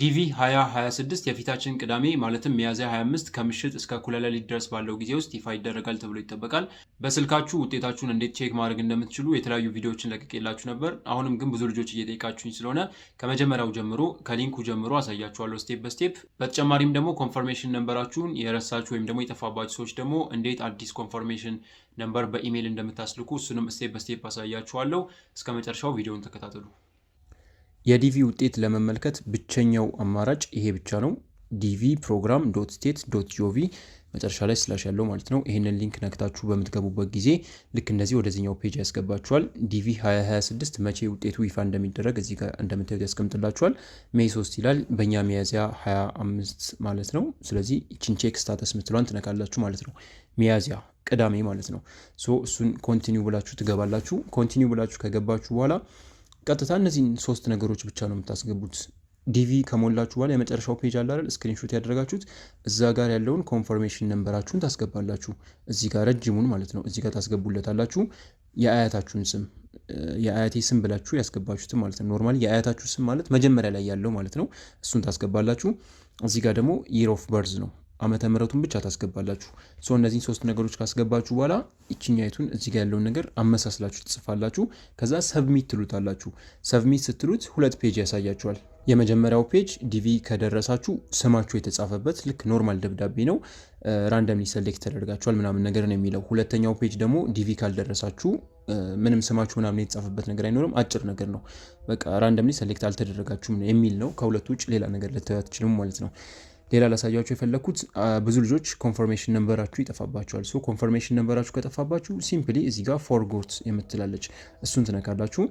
ዲቪ 2026 የፊታችን ቅዳሜ ማለትም ሚያዝያ 25 ከምሽት እስከ እኩለ ሌሊት ድረስ ባለው ጊዜ ውስጥ ይፋ ይደረጋል ተብሎ ይጠበቃል። በስልካችሁ ውጤታችሁን እንዴት ቼክ ማድረግ እንደምትችሉ የተለያዩ ቪዲዮዎችን ለቅቄላችሁ ነበር። አሁንም ግን ብዙ ልጆች እየጠየቃችሁኝ ስለሆነ ከመጀመሪያው ጀምሮ ከሊንኩ ጀምሮ አሳያችኋለሁ ስቴፕ በስቴፕ። በተጨማሪም ደግሞ ኮንፈርሜሽን ነንበራችሁን የረሳችሁ ወይም ደግሞ የጠፋባችሁ ሰዎች ደግሞ እንዴት አዲስ ኮንፈርሜሽን ነንበር በኢሜይል እንደምታስልኩ እሱንም ስቴፕ በስቴፕ አሳያችኋለሁ። እስከ መጨረሻው ቪዲዮውን ተከታተሉ። የዲቪ ውጤት ለመመልከት ብቸኛው አማራጭ ይሄ ብቻ ነው። ዲቪ ፕሮግራም ዶት ስቴት ዶት ጂኦቪ መጨረሻ ላይ ስላሽ ያለው ማለት ነው። ይህንን ሊንክ ነክታችሁ በምትገቡበት ጊዜ ልክ እንደዚህ ወደዚኛው ፔጅ ያስገባችኋል። ዲቪ 2026 መቼ ውጤቱ ይፋ እንደሚደረግ እዚህ ጋር እንደምታዩት ያስቀምጥላችኋል። ሜይ 3 ይላል በእኛ ሚያዚያ 25 ማለት ነው። ስለዚህ ይችን ቼክ ስታተስ ምትሏን ትነካላችሁ ማለት ነው። ሚያዚያ ቅዳሜ ማለት ነው። ሶ እሱን ኮንቲኒው ብላችሁ ትገባላችሁ። ኮንቲኒው ብላችሁ ከገባችሁ በኋላ ቀጥታ እነዚህን ሶስት ነገሮች ብቻ ነው የምታስገቡት። ዲቪ ከሞላችሁ በኋላ የመጨረሻው ፔጅ አለ አይደል? ስክሪንሾት ያደረጋችሁት እዛ ጋር ያለውን ኮንፈርሜሽን ነንበራችሁን ታስገባላችሁ። እዚህ ጋር ረጅሙን ማለት ነው። እዚህ ጋር ታስገቡለታላችሁ የአያታችሁን ስም የአያቴ ስም ብላችሁ ያስገባችሁትም ማለት ነው። ኖርማሊ የአያታችሁ ስም ማለት መጀመሪያ ላይ ያለው ማለት ነው። እሱን ታስገባላችሁ። እዚህ ጋር ደግሞ ኢር ኦፍ በርዝ ነው ዓመተ ምሕረቱን ብቻ ታስገባላችሁ። ሰው እነዚህን ሶስት ነገሮች ካስገባችሁ በኋላ ይችኛይቱን እዚህ ጋር ያለውን ነገር አመሳስላችሁ ትጽፋላችሁ። ከዛ ሰብሚት ትሉታላችሁ። ሰብሚት ስትሉት ሁለት ፔጅ ያሳያችኋል። የመጀመሪያው ፔጅ ዲቪ ከደረሳችሁ ስማችሁ የተጻፈበት ልክ ኖርማል ደብዳቤ ነው። ራንደምሊ ሰሌክት ተደርጋችኋል ምናምን ነገር ነው የሚለው። ሁለተኛው ፔጅ ደግሞ ዲቪ ካልደረሳችሁ ምንም ስማችሁ ምናምን የተጻፈበት ነገር አይኖርም። አጭር ነገር ነው። በቃ ራንደምሊ ሰሌክት አልተደረጋችሁም የሚል ነው። ከሁለቱ ውጭ ሌላ ነገር ልታዩ አትችሉም ማለት ነው። ሌላ ላሳያችሁ የፈለግኩት ብዙ ልጆች ኮንፈርሜሽን ነንበራችሁ ይጠፋባቸዋል። ሶ ኮንፈርሜሽን ነንበራችሁ ከጠፋባችሁ ሲምፕሊ እዚህ ጋር ፎርጎት የምትላለች እሱን ትነካላችሁ።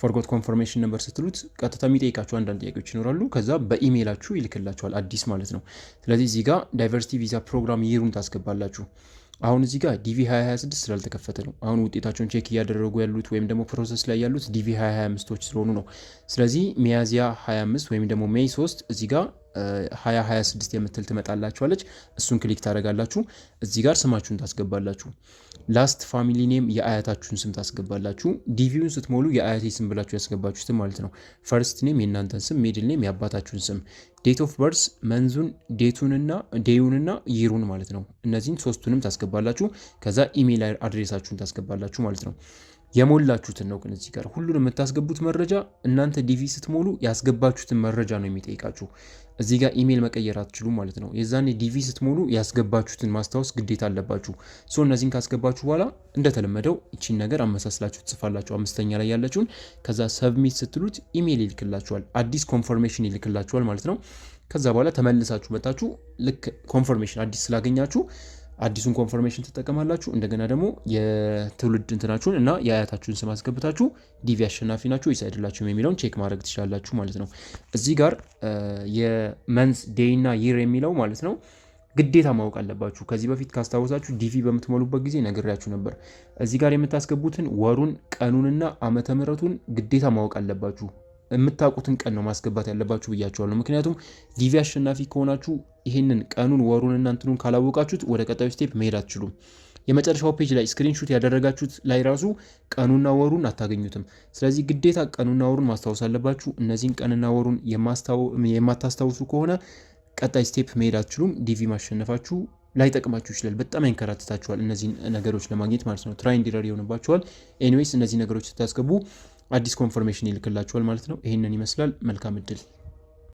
ፎርጎት ኮንፈርሜሽን ነንበር ስትሉት ቀጥታ የሚጠይቃችሁ አንዳንድ ጥያቄዎች ይኖራሉ። ከዛ በኢሜይላችሁ ይልክላችኋል አዲስ ማለት ነው። ስለዚህ እዚህ ጋር ዳይቨርሲቲ ቪዛ ፕሮግራም ይሩን ታስገባላችሁ። አሁን እዚህ ጋር ዲቪ 2026 ስላልተከፈተ ነው። አሁን ውጤታቸውን ቼክ እያደረጉ ያሉት ወይም ደግሞ ፕሮሰስ ላይ ያሉት ዲቪ 2025ቶች ስለሆኑ ነው። ስለዚህ ሚያዝያ 25 ወይም ደግሞ ሜይ 3 እዚህ ጋር 2026 የምትል ትመጣላችኋለች። እሱን ክሊክ ታደርጋላችሁ። እዚህ ጋር ስማችሁን ታስገባላችሁ። ላስት ፋሚሊ ኔም የአያታችሁን ስም ታስገባላችሁ። ዲቪውን ስትሞሉ የአያቴ ስም ብላችሁ ያስገባችሁት ማለት ነው። ፈርስት ኔም የእናንተን ስም፣ ሜድል ኔም የአባታችሁን ስም፣ ዴት ኦፍ በርስ መንዙን፣ ዴቱንና ዴዩንና ይሩን ማለት ነው። እነዚህን ሶስቱንም ታስገባላችሁ። ከዛ ኢሜይል አድሬሳችሁን ታስገባላችሁ ማለት ነው። የሞላችሁትን ነው። ግን እዚህ ጋር ሁሉን የምታስገቡት መረጃ እናንተ ዲቪ ስትሞሉ ያስገባችሁትን መረጃ ነው የሚጠይቃችሁ። እዚህ ጋር ኢሜል መቀየር አትችሉ ማለት ነው። የዛኔ ዲቪ ስትሞሉ ያስገባችሁትን ማስታወስ ግዴታ አለባችሁ። ሶ እነዚህን ካስገባችሁ በኋላ እንደተለመደው እቺን ነገር አመሳስላችሁ ትጽፋላችሁ። አምስተኛ ላይ ያለችውን ከዛ ሰብሚት ስትሉት ኢሜል ይልክላችኋል። አዲስ ኮንፈርሜሽን ይልክላችኋል ማለት ነው። ከዛ በኋላ ተመልሳችሁ መታችሁ ልክ ኮንፈርሜሽን አዲስ ስላገኛችሁ አዲሱን ኮንፈርሜሽን ትጠቀማላችሁ። እንደገና ደግሞ የትውልድ እንትናችሁን እና የአያታችሁን ስም አስገብታችሁ ዲቪ አሸናፊ ናችሁ ወይስ አይደላችሁም የሚለውን ቼክ ማድረግ ትችላላችሁ ማለት ነው። እዚህ ጋር የመንስ ዴይ እና ይር የሚለው ማለት ነው ግዴታ ማወቅ አለባችሁ። ከዚህ በፊት ካስታወሳችሁ ዲቪ በምትሞሉበት ጊዜ ነግሬያችሁ ነበር። እዚህ ጋር የምታስገቡትን ወሩን፣ ቀኑንና ዓመተ ምሕረቱን ግዴታ ማወቅ አለባችሁ። የምታውቁትን ቀን ነው ማስገባት ያለባችሁ ብያችኋለሁ። ምክንያቱም ዲቪ አሸናፊ ከሆናችሁ ይህንን ቀኑን ወሩን እናንትኑን ካላወቃችሁት ወደ ቀጣዩ ስቴፕ መሄድ አትችሉም። የመጨረሻው ፔጅ ላይ ስክሪንሹት ያደረጋችሁት ላይ ራሱ ቀኑና ወሩን አታገኙትም። ስለዚህ ግዴታ ቀኑና ወሩን ማስታወስ አለባችሁ። እነዚህን ቀንና ወሩን የማታስታውሱ ከሆነ ቀጣይ ስቴፕ መሄድ አትችሉም። ዲቪ ማሸነፋችሁ ላይጠቅማችሁ ይችላል። በጣም ያንከራትታችኋል፣ እነዚህ ነገሮች ለማግኘት ማለት ነው። ትራይ እንዲረር ይሆንባችኋል። ኤኒዌይስ እነዚህ ነገሮች ስታስገቡ አዲስ ኮንፈርሜሽን ይልክላችኋል ማለት ነው። ይህንን ይመስላል። መልካም እድል